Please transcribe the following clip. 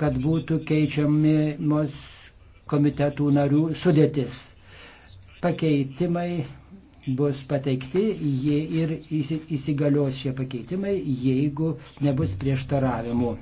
kad būtų keičiamos komitetų narių sudėtis. Pakeitimai bus pateikti jie ir įsigalios šie pakeitimai, jeigu nebus prieštaravimų.